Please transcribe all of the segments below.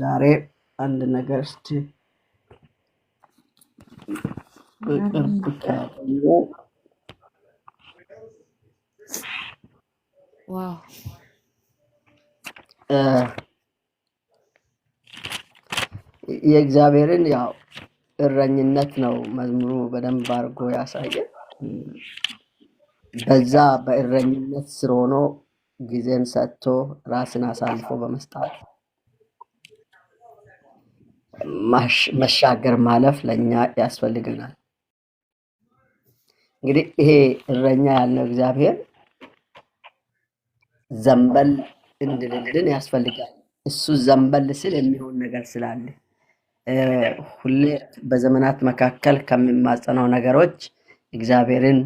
ዛሬ አንድ ነገር እስቲ በቅርብ የእግዚአብሔርን ያው እረኝነት ነው መዝሙሩ በደንብ አድርጎ ያሳየ። በዛ በእረኝነት ስር ሆኖ ጊዜን ሰጥቶ ራስን አሳልፎ በመስጣት መሻገር ማለፍ ለእኛ ያስፈልገናል። እንግዲህ ይሄ እረኛ ያለው እግዚአብሔር ዘንበል እንድልልን ያስፈልጋል። እሱ ዘንበል ስል የሚሆን ነገር ስላለ ሁሌ በዘመናት መካከል ከሚማጸነው ነገሮች እግዚአብሔርን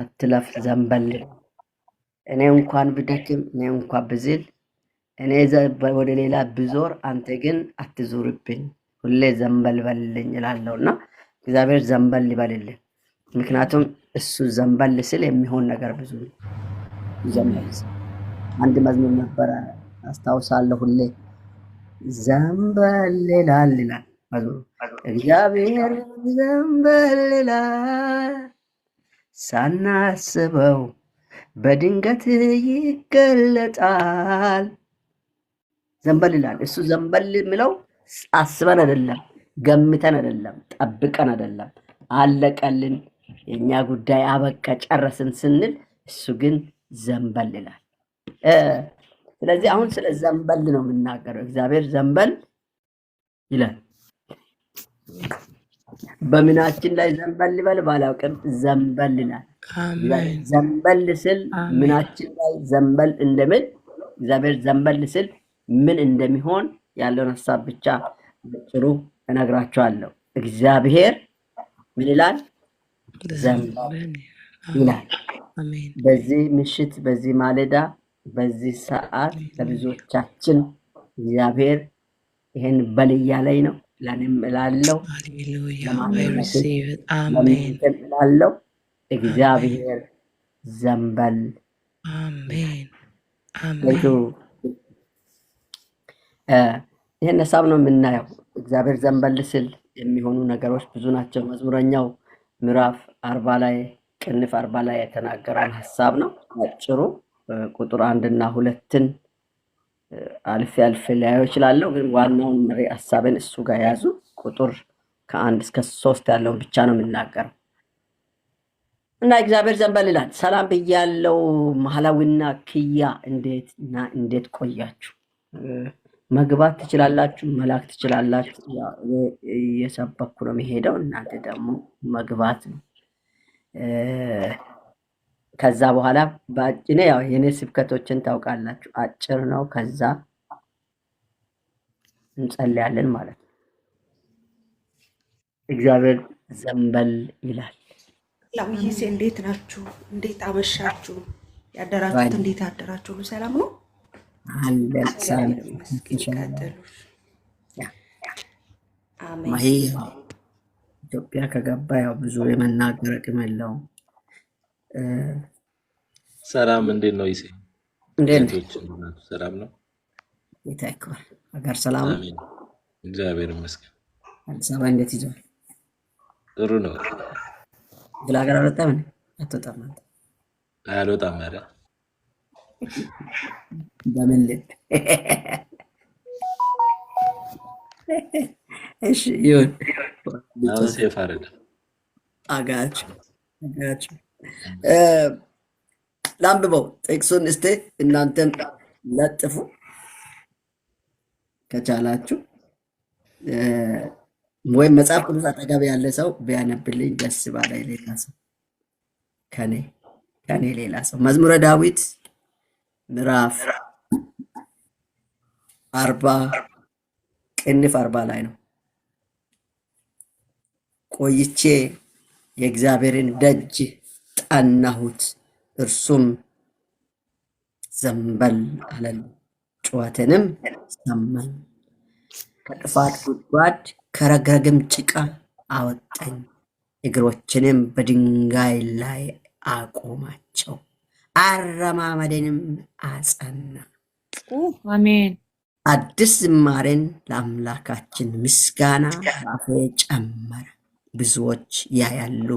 አትለፍ፣ ዘንበል እኔ እንኳን ብደክም፣ እኔ እንኳን ብዝል፣ እኔ ወደ ሌላ ብዞር፣ አንተ ግን አትዙርብኝ ሁሌ ዘንበል በልልኝ እላለሁ እና እግዚአብሔር ዘንበል ይበልልን። ምክንያቱም እሱ ዘንበል ስል የሚሆን ነገር ብዙ አንድ መዝሙር ነበረ አስታውሳለሁ። ሁሌ ዘንበል ይላል ይላል እግዚአብሔር ዘንበል ይላል ሳናስበው በድንገት ይገለጣል። ዘንበል ይላል እሱ ዘንበል የሚለው አስበን አይደለም፣ ገምተን አይደለም፣ ጠብቀን አይደለም፣ አለቀልን የእኛ ጉዳይ አበቃ ጨረስን ስንል እሱ ግን ዘንበል ይላል። ስለዚህ አሁን ስለ ዘንበል ነው የምናገረው። እግዚአብሔር ዘንበል ይላል። በምናችን ላይ ዘንበል ይበል ባላውቅም ዘንበል ይላል። ዘንበል ስል ምናችን ላይ ዘንበል እንደምን እግዚአብሔር ዘንበል ስል ምን እንደሚሆን ያለውን ሀሳብ ብቻ ጥሩ እነግራቸዋለሁ። እግዚአብሔር ምን ይላል? ይላል። በዚህ ምሽት፣ በዚህ ማለዳ፣ በዚህ ሰዓት ለብዙዎቻችን እግዚአብሔር ይህን በል እያለኝ ነው። ለእኔም እላለሁ፣ ለማንነትም እላለሁ እግዚአብሔር ዘንበል አሜን። ይህን ሀሳብ ነው የምናየው። እግዚአብሔር ዘንበል ስል የሚሆኑ ነገሮች ብዙ ናቸው። መዝሙረኛው ምዕራፍ አርባ ላይ ቅንፍ አርባ ላይ የተናገረውን ሀሳብ ነው አጭሩ። ቁጥር አንድና ሁለትን አልፌ አልፌ ሊያየው ይችላለሁ፣ ግን ዋናውን መሪ ሀሳብን እሱ ጋር የያዙ ቁጥር ከአንድ እስከ ሶስት ያለውን ብቻ ነው የምናገረው እና እግዚአብሔር ዘንበል ይላል። ሰላም ብያለው ማህላዊና ክያ እንዴት እና እንዴት ቆያችሁ? መግባት ትችላላችሁ፣ መላክ ትችላላችሁ። እየሰበኩ ነው የሚሄደው። እናንተ ደግሞ መግባት ነው። ከዛ በኋላ በአጭነ ያው የኔ ስብከቶችን ታውቃላችሁ፣ አጭር ነው። ከዛ እንጸልያለን ማለት ነው። እግዚአብሔር ዘንበል ይላል። ላውይሴ እንዴት ናችሁ? እንዴት አመሻችሁ? ያደራችሁት እንዴት አደራችሁ? ሁሉ ሰላም ነው? ይሄ ኢትዮጵያ ከገባ ያው ብዙ የመናገር አቅም የለውም። ሰላም እንዴት ነው? ይሴ ሰላም ነው? ጌታ ይክበር። ሀገር ሰላም ነው? እግዚአብሔር ይመስገን። አዲስ አበባ እንዴት ይዟል? ጥሩ ነው። ግል ሀገር አልወጣም አትወጣም? አልወጣም በምልል እሺ ይሁን። አጋችሁ አጋችሁ ለአንብበው ጥቅሱን እስቲ እናንተም ለጥፉ ከቻላችሁ ወይም መጽሐፍ ቅዱስ አጠገብ ያለ ሰው ቢያነብልኝ ደስ ባላይ። ሌላ ሰው ከኔ ከኔ ሌላ ሰው መዝሙረ ዳዊት ምዕራፍ አርባ ቅንፍ አርባ ላይ ነው። ቆይቼ የእግዚአብሔርን ደጅ ጠናሁት፣ እርሱም ዘንበል አለን፣ ጩኸቴንም ሰማኝ። ከጥፋት ጉድጓድ ከረግረግም ጭቃ አወጣኝ፣ እግሮችንም በድንጋይ ላይ አቆማቸው። አረማመድንም አጸና። አሜን። አዲስ ዝማሬን ለአምላካችን ምስጋና በአፌ ጨመረ። ብዙዎች ያያሉ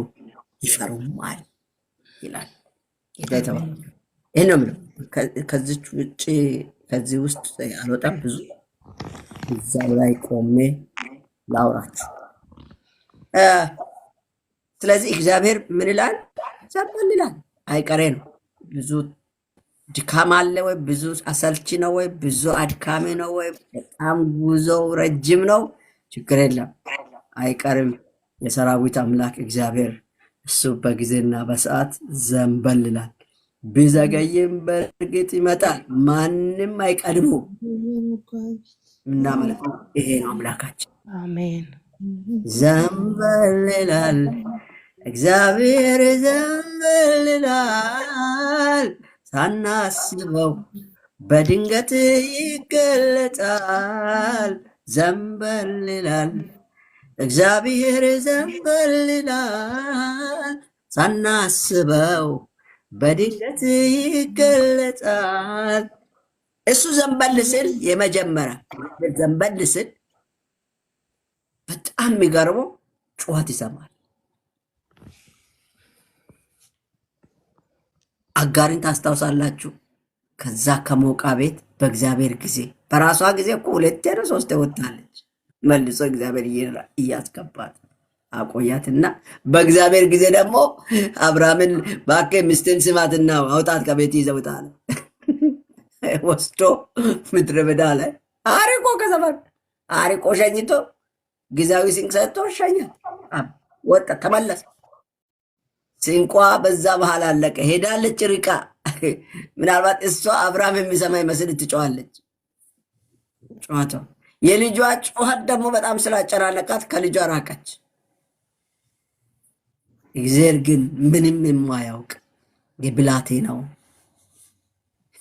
ይፈሩማል ይላል። ይህ ነው የምለው። ከዚች ውጭ ከዚህ ውስጥ አልወጣም። ብዙ እዛው ላይ ቆሜ ላውራችሁ። ስለዚህ እግዚአብሔር ምን ይላል? ዘመን ይላል። አይቀሬ ነው ብዙ ድካም አለ ወይ? ብዙ አሰልቺ ነው ወይ? ብዙ አድካሚ ነው ወይ? በጣም ጉዞው ረጅም ነው። ችግር የለም አይቀርም። የሰራዊት አምላክ እግዚአብሔር እሱ በጊዜና በሰዓት ዘንበልላል። ቢዘገይም በእርግጥ ይመጣል። ማንም አይቀድሙ እና ማለት ነው። ይሄ ነው አምላካችን። አሜን። ዘንበልላል እግዚአብሔር ይዘምርልናል፣ ሳናስበው በድንገት ይገለጣል። ዘንበልላል እግዚአብሔር ዘንበልላል፣ ሳናስበው በድንገት ይገለጣል። እሱ ዘንበል ስል የመጀመሪያ ዘንበል ስል በጣም የሚገርመው ጩኸት ይሰማል። አጋሪን ታስታውሳላችሁ? ከዛ ከሞቃ ቤት በእግዚአብሔር ጊዜ በራሷ ጊዜ እኮ ሁለቴ ነው ሶስቴ ወጣለች። መልሶ እግዚአብሔር እያስገባት አቆያትና በእግዚአብሔር ጊዜ ደግሞ አብርሃምን እባክህ ሚስትን ስማትና አውጣት ከቤት ይዘውታል። ወስዶ ምድረ በዳ ላይ አሪቆ ከሰፈር አሪቆ ሸኝቶ ጊዜያዊ ስንቅ ሰጥቶ ሸኛት። ወጣ ተመለሰ። ሲንቋ በዛ ባህል አለቀ። ሄዳለች ርቃ። ምናልባት እሷ አብርሃም የሚሰማ ይመስል ትጨዋለች። ጨዋታ የልጇ ጩኸት ደግሞ በጣም ስላጨናነቃት ከልጇ ራቀች። እግዜር ግን ምንም የማያውቅ የብላቴ ነው።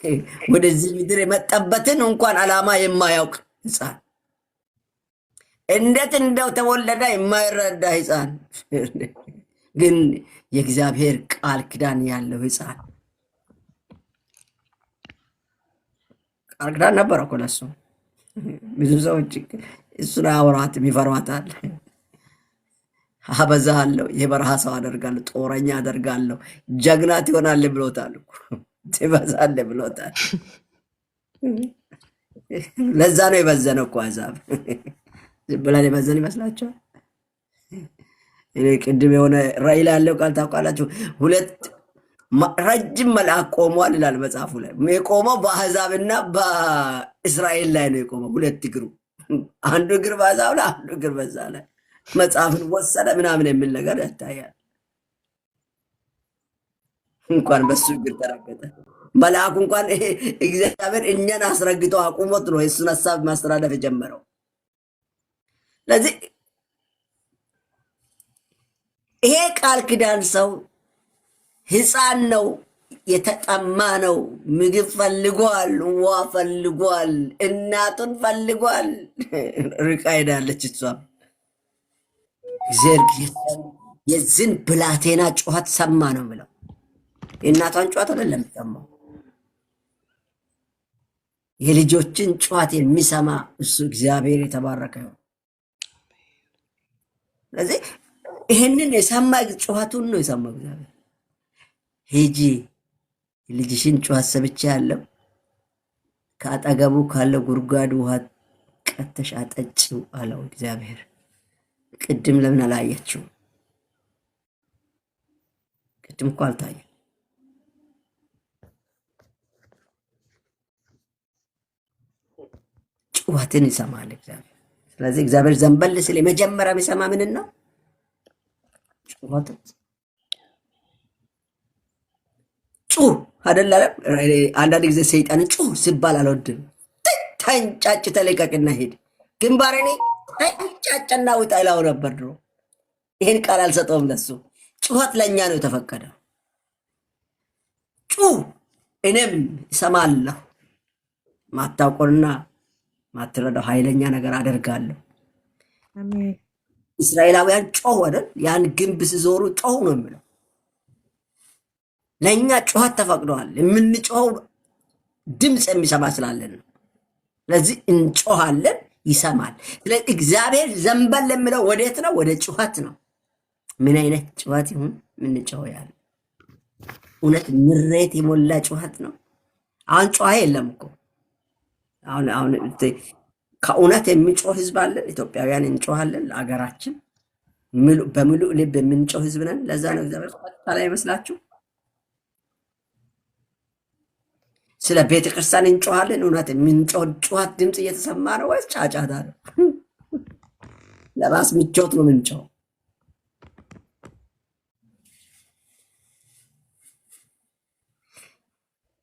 ወደዚህ ምድር የመጣበትን እንኳን ዓላማ የማያውቅ ህፃን እንዴት እንደው ተወለደ የማይረዳ ህፃን ግን የእግዚአብሔር ቃል ኪዳን ያለው ሕፃን ቃል ኪዳን ነበረ እኮ ለሱ። ብዙ ሰዎች እሱን አውራት ይፈሯታል። አበዛሃለሁ፣ የበረሃ ሰው አደርጋለሁ፣ ጦረኛ አደርጋለሁ፣ ጀግና ትሆናለህ ብሎታል። ትበዛለ ብሎታል። ለዛ ነው የበዘነው እኮ አሕዛብ ብለን የበዘን ይመስላቸዋል። ቅድም የሆነ ራእይ ላይ ያለው ቃል ታውቃላችሁ። ሁለት ረጅም መልአክ ቆመዋል ይላል መጽሐፉ ላይ። የቆመው በአህዛብና በእስራኤል ላይ ነው የቆመው። ሁለት እግሩ አንዱ እግር በአሕዛብ ላይ፣ አንዱ እግር በዛ ላይ መጽሐፍን ወሰደ ምናምን የሚል ነገር ያታያል። እንኳን በሱ እግር ተረገጠ። መልአኩ እንኳን እግዚአብሔር እኛን አስረግጦ አቁሞት ነው የእሱን ሀሳብ ማስተላለፍ የጀመረው። ስለዚህ ይሄ ቃል ኪዳን ሰው ህፃን ነው፣ የተጠማ ነው፣ ምግብ ፈልጓል፣ ውሃ ፈልጓል፣ እናቱን ፈልጓል። ርቃ ሄዳለች እሷም። እግዚአብሔር የዝን ብላቴና ጩኸት ሰማ ነው ብለው የእናቷን ጩኸት አይደለም ሰማው የልጆችን ጩኸት የሚሰማ እሱ እግዚአብሔር የተባረከ ነው። ስለዚህ ይሄንን የሰማ ጩኸቱን ነው የሰማው እግዚአብሔር። ሂጂ ልጅሽን ጩኸት ሰብቻ ያለው ከአጠገቡ ካለው ጉድጓድ ውሃ ቀተሽ አጠጪው አለው እግዚአብሔር። ቅድም ለምን አላየችው? ቅድም እኮ አልታየም። ጩኸትን ይሰማል እግዚአብሔር። ስለዚህ እግዚአብሔር ዘንበል ስል የመጀመሪያ የሚሰማ ምንን ነው? ጩህ አደለ አንዳንድ ጊዜ ሰይጣን ጩህ ሲባል አልወድም። ተንጫጭ ተለቀቅና ሄድ ግንባሬኔ ተንጫጭና ውጣ ይላው ነበር ድሮ። ይህን ቃል አልሰጠውም ለሱ። ጩኸት ለእኛ ነው የተፈቀደ ጩህ እኔም እሰማለሁ። ማታውቆንና ማትረዳው ኃይለኛ ነገር አደርጋለሁ። እስራኤላውያን ጮህ አይደል? ያን ግንብ ሲዞሩ ጮህ ነው የሚለው። ለእኛ ጩኸት ተፈቅደዋል። የምንጮኸው ድምፅ የሚሰማ ስላለን ነው። ስለዚህ እንጮሃለን፣ ይሰማል። ስለዚህ እግዚአብሔር ዘንበል የሚለው ወዴት ነው? ወደ ጩኸት ነው። ምን አይነት ጩኸት ይሁን ምንጮኸው? ያለ እውነት ምሬት የሞላ ጩኸት ነው። አሁን ጮኸ የለም እኮ አሁን አሁን ከእውነት የሚጮህ ህዝብ አለን። ኢትዮጵያውያን እንጮሃለን ለአገራችን በሙሉ ልብ የምንጮህ ህዝብ ነን። ለዛ ነው እግዚአብሔር ላይ ይመስላችሁ። ስለ ቤተ ክርስቲያን እንጮሃለን። እውነት የምንጮህ ጩኸት ድምፅ እየተሰማ ነው ወይስ ጫጫታ ነው? ለራስ ምቾት ነው ምንጮው።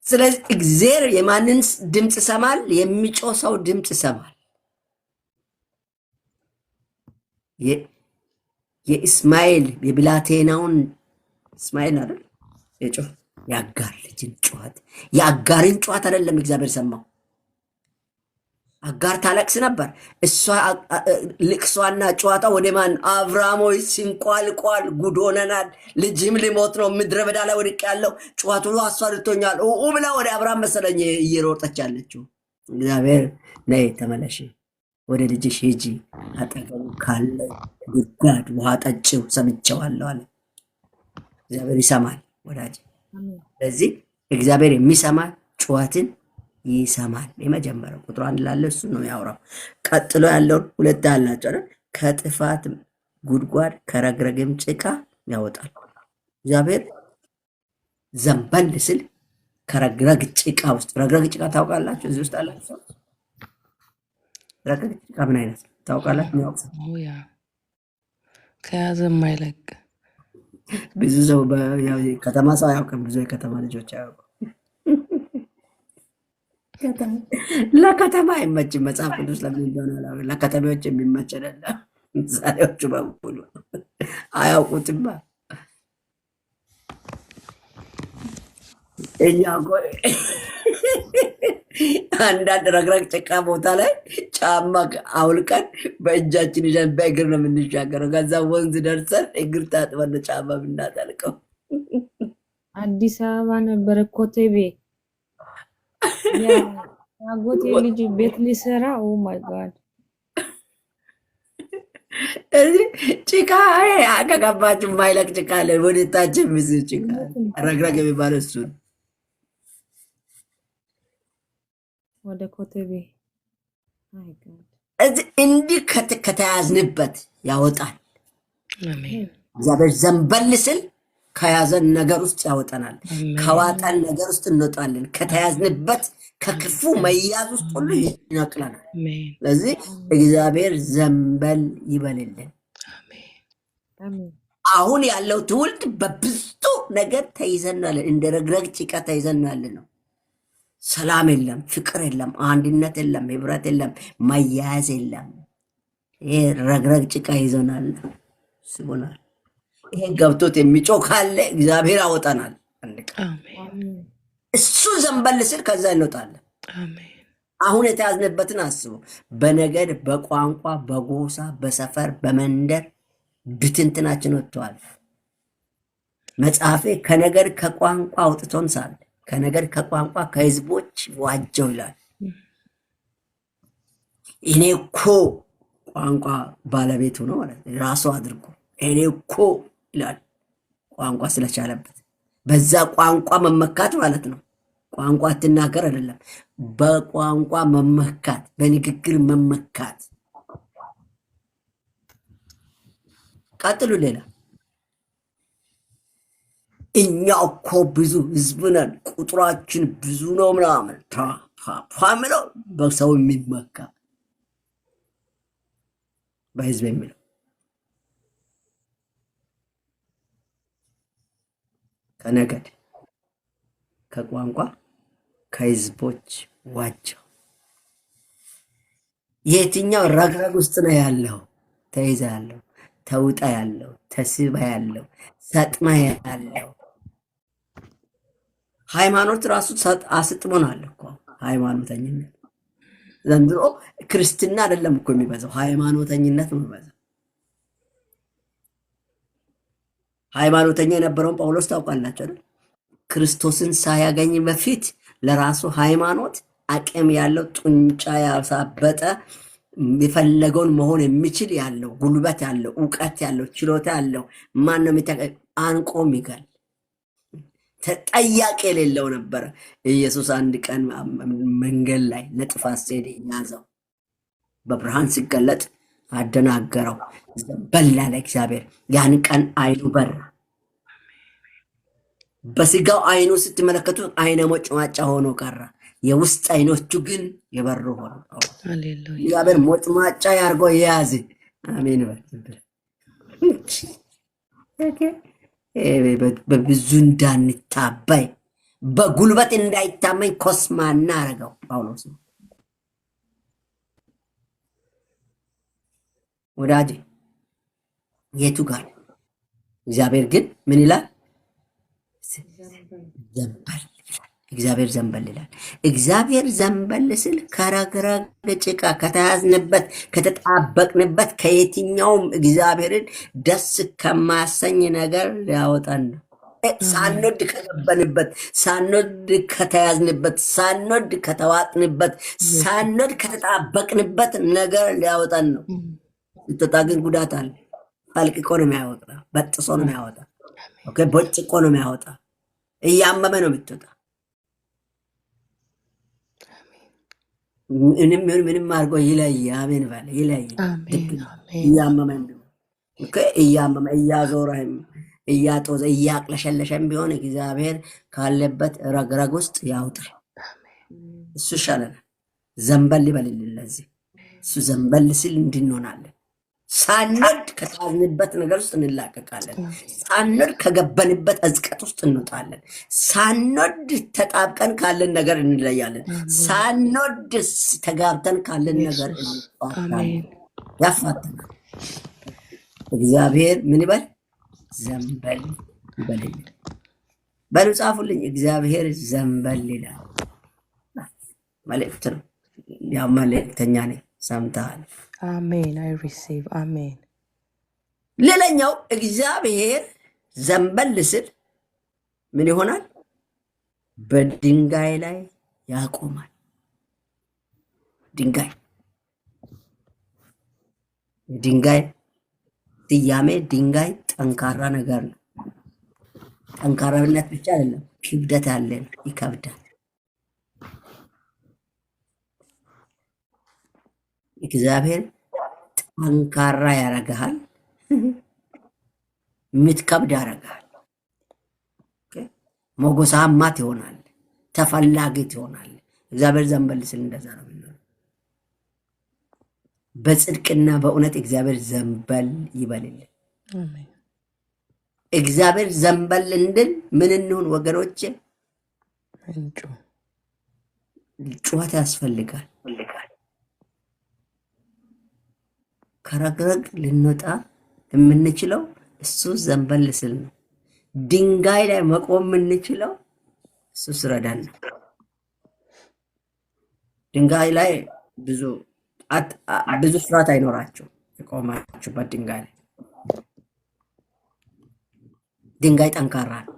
ስለዚህ እግዜር የማንን ድምፅ ይሰማል? የሚጮህ ሰው ድምፅ ይሰማል። የእስማኤል የብላቴናውን እስማኤል አይደል የጮህ የአጋር ልጅን ጩኸት የአጋርን ጩኸት አይደለም እግዚአብሔር ሰማው። አጋር ታለቅስ ነበር። እሷ ልቅሷና ጨዋታ ወደ ማን አብርሃም ሆይ ሲንቋልቋል፣ ጉድ ሆነናል፣ ልጅም ሊሞት ነው፣ ምድረ በዳ ላይ ወድቅ ያለው ጨዋቱ አሷ ልቶኛል ብላ ወደ አብርሃም መሰለኝ እየሮጠች ያለችው። እግዚአብሔር ነይ ተመለሽ ወደ ልጅሽ ሂጂ፣ አጠገቡ ካለ ጉድጓድ ውሃ ጠጭው፣ ሰምቼዋለሁ አለ። እግዚአብሔር ይሰማል ወዳጅ። ስለዚህ እግዚአብሔር የሚሰማ ጩኸትን ይሰማል። የመጀመሪያው ቁጥሩ አንድ ላለ እሱ ነው ያውራው። ቀጥሎ ያለውን ሁለት አላቸው። ከጥፋት ጉድጓድ ከረግረግም ጭቃ ያወጣል። እግዚአብሔር ዘንበል ስል ከረግረግ ጭቃ ውስጥ ረግረግ ጭቃ ታውቃላችሁ፣ እዚህ ውስጥ አላችሁ ረቀቀች ጭቃ ምን አይነት ታውቃላት? የሚያውቅ ከያዘ የማይለቅ ብዙ ሰው ከተማ ሰው አያውቅም። ብዙ የከተማ ልጆች አያውቁም። ለከተማ አይመችም። መጽሐፍ ቅዱስ ለምን እንደሆነ ለከተማዎች የሚመች አይደለም። ምሳሌዎቹ በሙሉ አያውቁትማ። እኛ አንዳንድ ረግረግ ጭቃ ቦታ ላይ ጫማ አውልቀን በእጃችን ይዘን በእግር ነው የምንሻገረው። ከዛ ወንዝ ደርሰን እግር ታጥበን ጫማ ብናጠልቀው። አዲስ አበባ ነበረ ኮተቤ አጎቴ ልጅ ቤት ሊሰራ ኦማይ ጋድ ጭቃ ከገባችሁ ማይለቅ ጭቃ አለ ወደታች የሚዝ ጭቃ ረግረግ የሚባለ እሱ ወደ ኮቴቤ እንዲህ ከተያዝንበት ያወጣል። እግዚአብሔር ዘንበል ስል ከያዘን ነገር ውስጥ ያወጠናል። ከዋጠን ነገር ውስጥ እንወጣለን። ከተያዝንበት ከክፉ መያዝ ውስጥ ሁሉ ይነቅለናል። ስለዚህ እግዚአብሔር ዘንበል ይበልልን። አሁን ያለው ትውልድ በብዙ ነገር ተይዘናለን። እንደ ረግረግ ጭቃ ተይዘናለን ነው ሰላም የለም፣ ፍቅር የለም፣ አንድነት የለም፣ ህብረት የለም፣ መያያዝ የለም። ይሄ ረግረግ ጭቃ ይዞናል፣ ስቦናል። ይሄ ገብቶት የሚጮህ ካለ እግዚአብሔር አወጠናል። እሱ ዘንበል ስል ከዛ እንወጣለን። አሁን የተያዝንበትን አስቡ። በነገድ፣ በቋንቋ፣ በጎሳ፣ በሰፈር፣ በመንደር ብትንትናችን ወጥተዋል። መጽሐፌ ከነገድ ከቋንቋ አውጥቶን ሳለ ከነገድ ከቋንቋ ከህዝቦች ዋጀው ይላል። እኔ እኮ ቋንቋ ባለቤቱ ነው ማለት ራሱ አድርጎ እኔ እኮ ይላል። ቋንቋ ስለቻለበት በዛ ቋንቋ መመካት ማለት ነው። ቋንቋ አትናገር አይደለም፣ በቋንቋ መመካት፣ በንግግር መመካት። ቀጥሉ። ሌላ እኛ እኮ ብዙ ህዝብ ነን ቁጥራችን ብዙ ነው ምናምን ምለው በሰው የሚመካ በህዝብ የሚለው ከነገድ ከቋንቋ ከህዝቦች ዋጃው የትኛው ረግረግ ውስጥ ነው ያለው? ተይዛ ያለው ተውጣ ያለው ተስባ ያለው ሰጥማ ያለው ሃይማኖት ራሱ አስጥሞናል እኮ ሃይማኖተኝነት። ዘንድሮ ክርስትና አይደለም እኮ የሚበዛው ሃይማኖተኝነት ነው የሚበዛው። ሃይማኖተኛ የነበረውን ጳውሎስ ታውቃላችሁ። ክርስቶስን ሳያገኝ በፊት ለራሱ ሃይማኖት አቅም ያለው ጡንጫ ያሳበጠ የፈለገውን መሆን የሚችል ያለው ጉልበት ያለው እውቀት ያለው ችሎታ ያለው ማን ነው አንቆ ይገል ተጠያቂ የሌለው ነበረ። ኢየሱስ አንድ ቀን መንገድ ላይ ለጥፋት ሲሄድ ያዘው፣ በብርሃን ሲገለጥ አደናገረው፣ በላ ለእግዚአብሔር። ያን ቀን አይኑ በራ። በስጋው አይኑ ስትመለከቱት አይነ ሞጭማጫ ሆኖ ቀራ። የውስጥ አይኖቹ ግን የበሩ ሆኑ። እግዚአብሔር ሞጭማጫ ያርጎ የያዝ አሜን በል በብዙ እንዳንታበይ በጉልበት እንዳይታመኝ ኮስማና አረገው ጳውሎስ። ወዳጅ የቱ ጋር እግዚአብሔር ግን ምን ይላል ዘንበል እግዚአብሔር ዘንበል ይላል። እግዚአብሔር ዘንበል ስል ከረግረግ ጭቃ ከተያዝንበት ከተጣበቅንበት ከየትኛውም እግዚአብሔርን ደስ ከማያሰኝ ነገር ሊያወጣን ነው። ሳንወድ ከገበንበት፣ ሳንወድ ከተያዝንበት፣ ሳንወድ ከተዋጥንበት፣ ሳንወድ ከተጣበቅንበት ነገር ሊያወጣን ነው። ስትወጣ ግን ጉዳት አለ። ፈልቅቆ ነው የሚያወጣ፣ በጥሶ ነው የሚያወጣ፣ በጭቆ ነው የሚያወጣ። እያመመ ነው የምትወጣ ምንም ይሁን ምንም አድርጎ ይለይ። አሜን በለ ይለይ። እያመመን እያመመ እያዞረህም እያጦዘ እያቅለሸለሸም ቢሆን እግዚአብሔር ካለበት ረግረግ ውስጥ ያውጣ። እሱ ይሻለናል። ዘንበል ይበልልን። ለዚህ እሱ ዘንበል ሲል እንድንሆናለን ሳንድ ከታዝንበት ነገር ውስጥ እንላቀቃለን። ሳንድ ከገበንበት እዝቀት ውስጥ እንወጣለን። ሳንድ ተጣብቀን ካለን ነገር እንለያለን። ሳንድ ተጋብተን ካለን ነገር ያፋተናል። እግዚአብሔር ምን ይበል? ዘንበል ይበልኝ። በሉ ጻፉልኝ። እግዚአብሔር ዘንበል ይላል። መልእክት ነው። ያው መልእክተኛ ነኝ። ሰምተሃል። አሜን። አይ ሪሲቭ አሜን። ሌላኛው እግዚአብሔር ዘንበል ስል ምን ይሆናል? በድንጋይ ላይ ያቆማል። ድንጋይ ድንጋይ ስያሜ ድንጋይ ጠንካራ ነገር ነው። ጠንካራነት ብቻ አይደለም፣ ክብደት ያለ ይከብዳል። እግዚአብሔር ጠንካራ ያረግሃል፣ የምትከብድ ያረግሃል፣ ሞጎሳማ ትሆናል፣ ተፈላጊ ትሆናል። እግዚአብሔር ዘንበል ስል እንደዛ ነው። በጽድቅና በእውነት እግዚአብሔር ዘንበል ይበልልን። እግዚአብሔር ዘንበል እንድን ምን እንሁን ወገኖቼ? ጩኸት ያስፈልጋል። ከረግረግ ልንወጣ የምንችለው እሱ ዘንበል ስል ነው። ድንጋይ ላይ መቆም የምንችለው እሱ ስረዳን ነው። ድንጋይ ላይ ብዙ ብዙ ስርዓት አይኖራቸው የቆማችሁበት ድንጋይ ላይ ድንጋይ ጠንካራ ነው።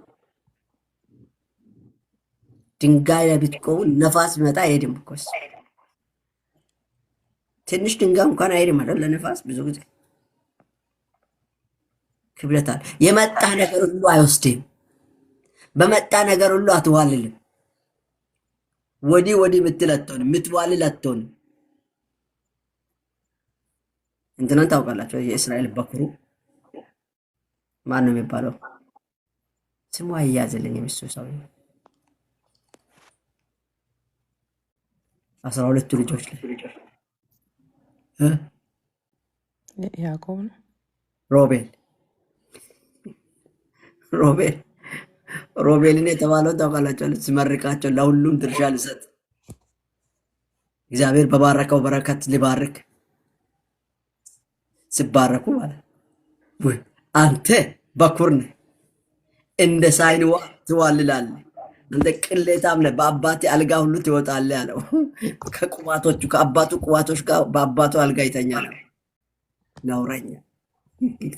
ድንጋይ ላይ ነፋስ ቢመጣ አይሄድም እኮ እሱ ትንሽ ድንጋይ እንኳን አይልም አይደል? ለነፋስ ብዙ ጊዜ ክብለታል። የመጣ ነገር ሁሉ አይወስድም። በመጣ ነገር ሁሉ አትዋልልም። ወዲህ ወዲህ ምትል አትሆንም፣ ምትዋልል አትሆንም። እንትናን ታውቃላቸው? የእስራኤል በኩሩ ማን ነው የሚባለው? ስሙ አያዝልኝ የሚሱ ሰው አስራ ሁለቱ ልጆች ያዕቆብ ነው። ሮቤል ሮቤል ሮቤልን የተባለውን ታውቃላቸዋል። ሲመርቃቸው ለሁሉም ድርሻ ልሰጥ እግዚአብሔር በባረከው በረከት ሊባርክ ሲባረኩ ማለት አንተ በኩር ነህ እንደ ሳይንዋ ትዋልላለህ እንደ ቅሌታም ነህ በአባቴ አልጋ ሁሉ ትወጣለህ ያለው ከቁማቶቹ ከአባቱ ቁማቶች ጋር በአባቱ አልጋ ይተኛ ነው። ነውረኛ።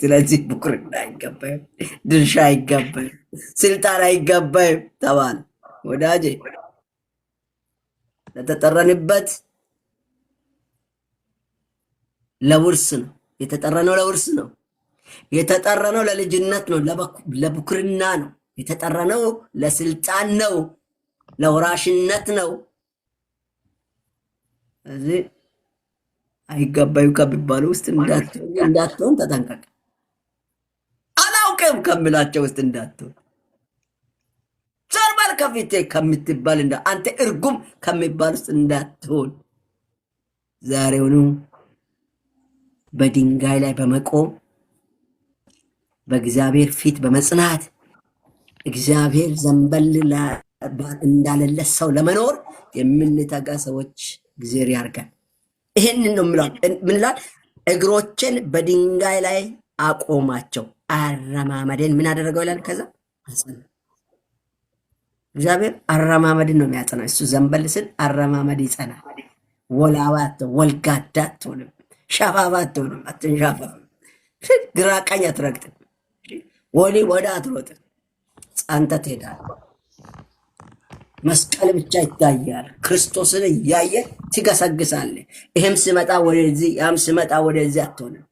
ስለዚህ ብኩርና አይገባም፣ ድርሻ አይገባም፣ ስልጣን አይገባም ተባለ። ወዳጄ ለተጠረንበት ለውርስ ነው የተጠረነው፣ ለውርስ ነው የተጠረነው፣ ለልጅነት ነው፣ ለብኩርና ነው። የተጠራነው ለስልጣን ነው፣ ለወራሽነት ነው። እዚህ አይገባዩ ከሚባሉ ውስጥ እንዳትሆን ተጠንቀቅ። አላውቅም ከምላቸው ውስጥ እንዳትሆን ጀርባል ከፊቴ ከምትባል እንዳ አንተ እርጉም ከሚባል ውስጥ እንዳትሆን ዛሬውኑ በድንጋይ ላይ በመቆም በእግዚአብሔር ፊት በመጽናት እግዚአብሔር ዘንበል እንዳለለት ሰው ለመኖር የምንተጋ ሰዎች እግዚአብሔር ያርገን። ይህን ነው ምላ ምንላል እግሮችን በድንጋይ ላይ አቆማቸው። አረማመድን ምን አደረገው ይላል። ከዛ እግዚአብሔር አረማመድን ነው የሚያጸናው። እሱ ዘንበል ስል አረማመድ ይጸናል። ወላባት ወልጋዳ አትሆንም፣ ሻፋባ አትሆንም፣ አትንሻፋ፣ ግራ ቀኝ አትረግጥም፣ ወዲህ ወደ አትሮጥም አንተ ትሄዳለህ። መስቀል ብቻ ይታያል። ክርስቶስን እያየ ትገሰግሳለህ። ይህም ስመጣ ወደዚህ፣ ያም ስመጣ ወደዚህ አትሆንም።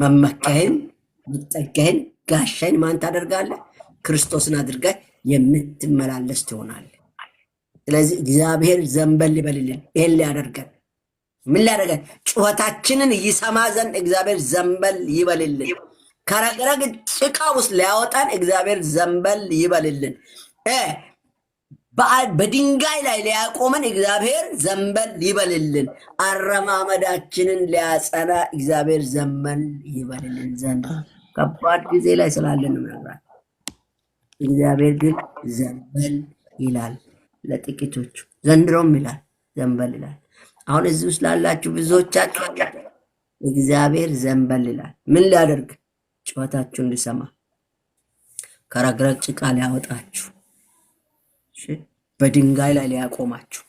መመካይን መጠጊያህን፣ ጋሻይን ማን ታደርጋለህ? ክርስቶስን አድርጋህ የምትመላለስ ትሆናለህ። ስለዚህ እግዚአብሔር ዘንበል ይበልልን። ይህን ሊያደርገን ምን ሊያደርገን? ጩኸታችንን ይሰማ ዘንድ እግዚአብሔር ዘንበል ይበልልን። ከረግረግ ጭቃ ውስጥ ሊያወጣን እግዚአብሔር ዘንበል ይበልልን። በድንጋይ ላይ ሊያቆመን እግዚአብሔር ዘንበል ይበልልን። አረማመዳችንን ሊያጸና እግዚአብሔር ዘንበል ይበልልን። ዘንድ ከባድ ጊዜ ላይ ስላለን ነግራል። እግዚአብሔር ግን ዘንበል ይላል ለጥቂቶቹ፣ ዘንድሮም ይላል ዘንበል ይላል። አሁን እዚህ ውስጥ ላላችሁ ብዙዎቻችሁ እግዚአብሔር ዘንበል ይላል። ምን ሊያደርግ ጨዋታችሁ እንዲሰማ ከረግረግ ጭቃ ሊያወጣችሁ በድንጋይ ላይ ሊያቆማችሁ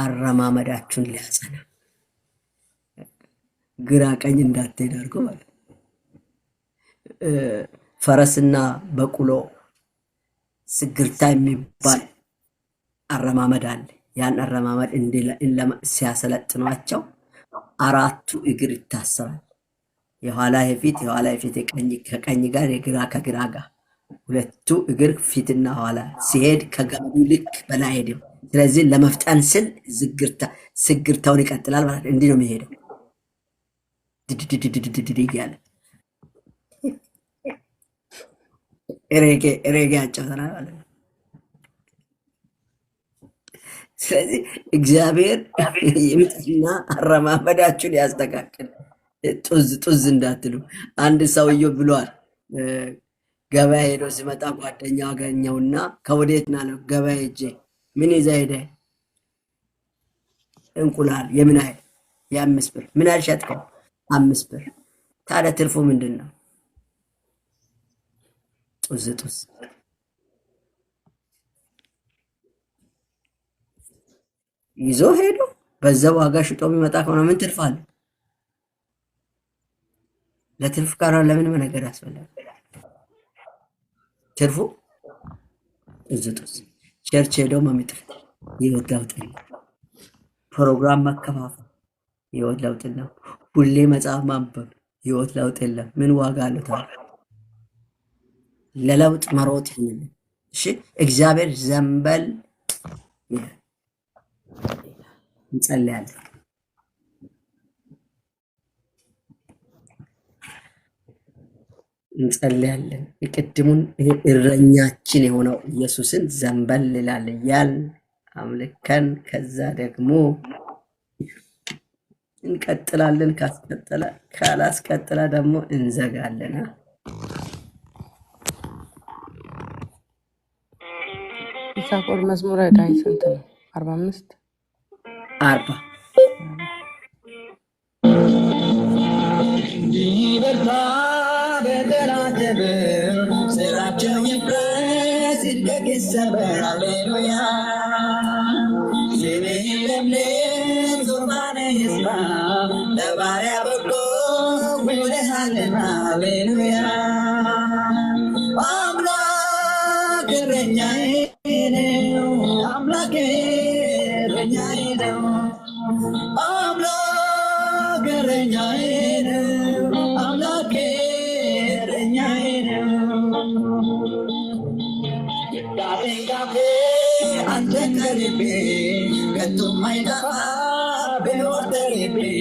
አረማመዳችሁን ሊያጸና ግራ ቀኝ እንዳትደርጉ ማለት ፈረስና በቁሎ ስግርታ የሚባል አረማመድ አለ። ያን አረማመድ ሲያሰለጥኗቸው አራቱ እግር ይታሰራል። የኋላ የፊት የኋላ የፊት ከቀኝ ጋር የግራ ከግራ ጋር ሁለቱ እግር ፊትና ኋላ ሲሄድ ከገቡ ልክ በላይ ሄድም። ስለዚህ ለመፍጠን ስል ስግርታውን ይቀጥላል ማለት እንዲህ ነው የሚሄደው ድድድድድድድድ ሬጌ ያጫውተናል ማለት ነው። ስለዚህ እግዚአብሔር የምጥና አረማመዳችሁን ያስተካክል። ጡዝ ጡዝ እንዳትሉ። አንድ ሰውዬው ብሏል። ገበያ ሄዶ ሲመጣ ጓደኛ አገኘውና ከወዴት ና ነው? ገበያ ሄጄ። ምን ይዛ ሄደ? እንቁላል። የምን ያህል? የአምስት ብር። ምን ያህል ሸጥከው? አምስት ብር። ታዲያ ትርፉ ምንድን ነው? ጡዝ ጡዝ። ይዞ ሄዶ በዛ ዋጋ ሽጦ የሚመጣ ከሆነ ምን ትርፍ አለ? ለትርፍ ቃሏ ለምን መነገር አስፈላጊ? ትርፉ እዝጡስ ቸርች ሄደው መምጠት የህይወት ለውጥ ነው። ፕሮግራም መከፋፈል የህይወት ለውጥ ነው። ሁሌ መጽሐፍ ማንበብ ህይወት ለውጥ የለም። ምን ዋጋ አለው ለለውጥ መሮጥ ይሁን። እሺ እግዚአብሔር ዘንበል እንጸልያለን። እንጸልያለን። የቅድሙን እረኛችን የሆነው ኢየሱስን ዘንበል ላልያል አምልከን ከዛ ደግሞ እንቀጥላለን። ካስቀጠለ ካላስቀጥላ ደግሞ እንዘጋለን። ኢሳፎር መዝሙረ ዳዊት ስንት ነው? አርባ አምስት አርባ እንዲህ በርታ ይሰበር ሃሌሉያ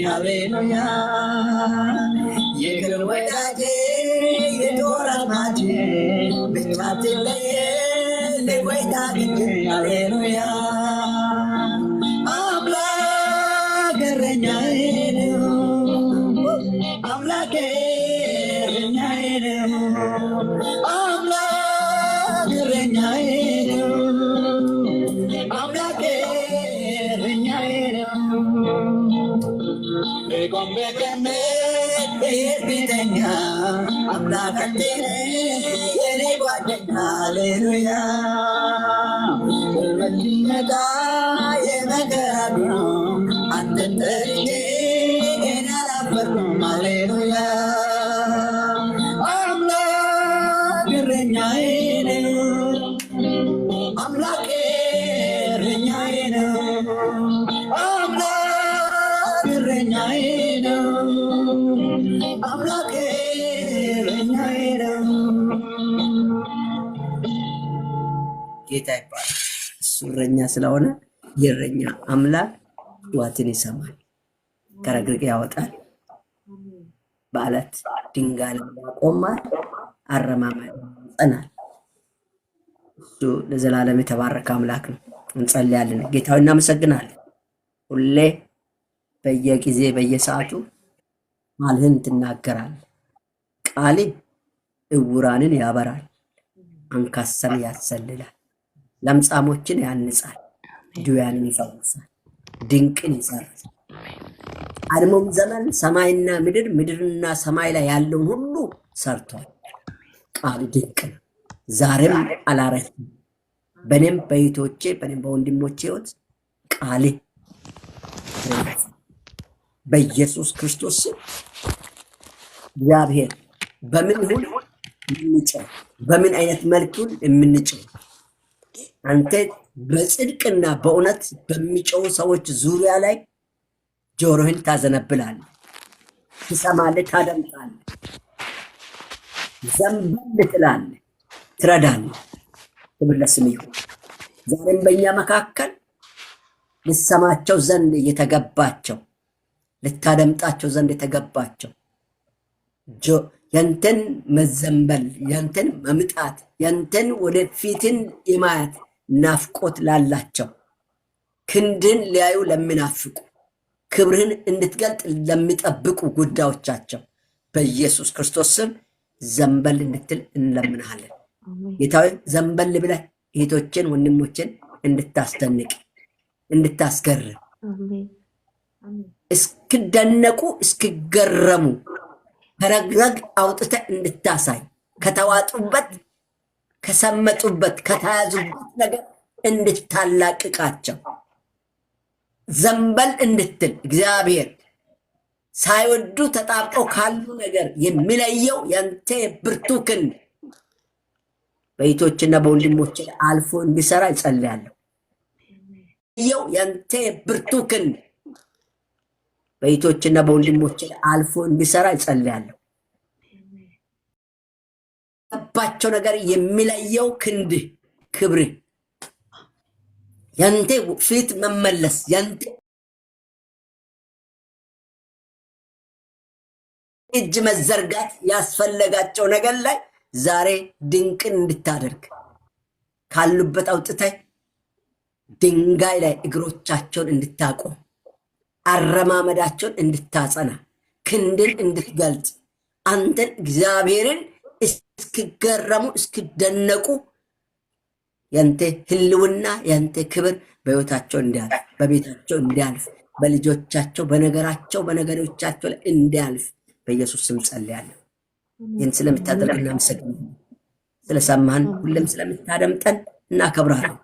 ሀሌሉያ የቅር ወዳጄ የጦር አዝማቼ ብቻ ትለየ ለቆይታ ግድ ሀሌሉያ አምላክ እረኛዬ ነው። አምላኬ እረኛዬ ነው። ጌታ ይባላል። እሱ እረኛ ስለሆነ የእረኛ አምላክ ዋትን ይሰማል፣ ከረግርግ ያወጣል። በዓለት ድንጋይ ያቆማል። አረማማ ጸናል። እሱ ለዘላለም የተባረከ አምላክ ነው። እንጸልያለን። ጌታዊ እናመሰግናለን። ሁሌ በየጊዜ በየሰዓቱ ማልህን ትናገራል። ቃል እውራንን ያበራል፣ አንካሳን ያሰልላል፣ ለምጻሞችን ያንጻል፣ ድውያንን ይፈውሳል፣ ድንቅን ይሰራል። አድሞም ዘመን ሰማይና ምድር ምድርና ሰማይ ላይ ያለውን ሁሉ ሰርቷል። ቃል ድንቅ ነው፣ ዛሬም አላረፍም። በእኔም በይቶቼ በእኔም በወንድሞቼ ህይወት ቃሌ በኢየሱስ ክርስቶስ እግዚአብሔር በምን ሁን የምንጭው በምን አይነት መልኩን የምንጭው አንተ በጽድቅና በእውነት በሚጨው ሰዎች ዙሪያ ላይ ጆሮህን ታዘነብላል፣ ትሰማል፣ ታደምጣል፣ ዘንበል ትላል፣ ትረዳል። ክብር ይሁን። ዛሬም በእኛ መካከል ልሰማቸው ዘንድ የተገባቸው ልታደምጣቸው ዘንድ የተገባቸው ያንተን መዘንበል ያንተን መምጣት ያንተን ወደፊትን የማየት ናፍቆት ላላቸው ክንድን ሊያዩ ለሚናፍቁ ክብርህን እንድትገልጥ ለሚጠብቁ ጉዳዮቻቸው በኢየሱስ ክርስቶስ ስም ዘንበል እንድትል እንለምናሃለን። ጌታ ዘንበል ብለ እህቶችን ወንድሞችን እንድታስደንቅ እንድታስገርም እስክደነቁ እስክገረሙ ከረግረግ አውጥተ እንድታሳይ ከተዋጡበት ከሰመጡበት ከተያዙበት ነገር እንድታላቅቃቸው ዘንበል እንድትል እግዚአብሔር ሳይወዱ ተጣብቀው ካሉ ነገር የሚለየው ያንተ ብርቱ ክንድ በይቶችና በወንድሞች አልፎ እንዲሰራ ይጸልያለሁ። የው ያንተ ብርቱ ክንድ በእህቶችና በወንድሞች አልፎ እንዲሰራ ይጸልያለሁ። ባቸው ነገር የሚለየው ክንድ ክብር ያንተ ፊት መመለስ ያንተ እጅ መዘርጋት ያስፈለጋቸው ነገር ላይ ዛሬ ድንቅን እንድታደርግ ካሉበት አውጥተህ ድንጋይ ላይ እግሮቻቸውን እንድታቆም አረማመዳቸውን እንድታጸና ክንድን እንድትገልጽ አንተን እግዚአብሔርን እስክገረሙ እስክደነቁ ያንተ ህልውና ያንተ ክብር በህይወታቸው እንዲያልፍ በቤታቸው እንዲያልፍ በልጆቻቸው በነገራቸው በነገሮቻቸው ላይ እንዲያልፍ በኢየሱስ ስም ጸልያለሁ። ይህን ስለምታደርግ እናመሰግን ስለሰማህን ሁሌም ስለምታደምጠን እናከብርሃለን።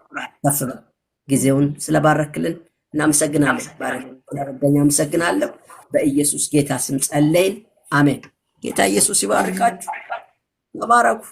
ከፍ በል። ጊዜውን ስለባረክልን እናመሰግናለን። ባረክ አመሰግናለሁ። በኢየሱስ ጌታ ስም ጸለይን። አሜን። ጌታ ኢየሱስ ይባርካችሁ። ተባረኩ።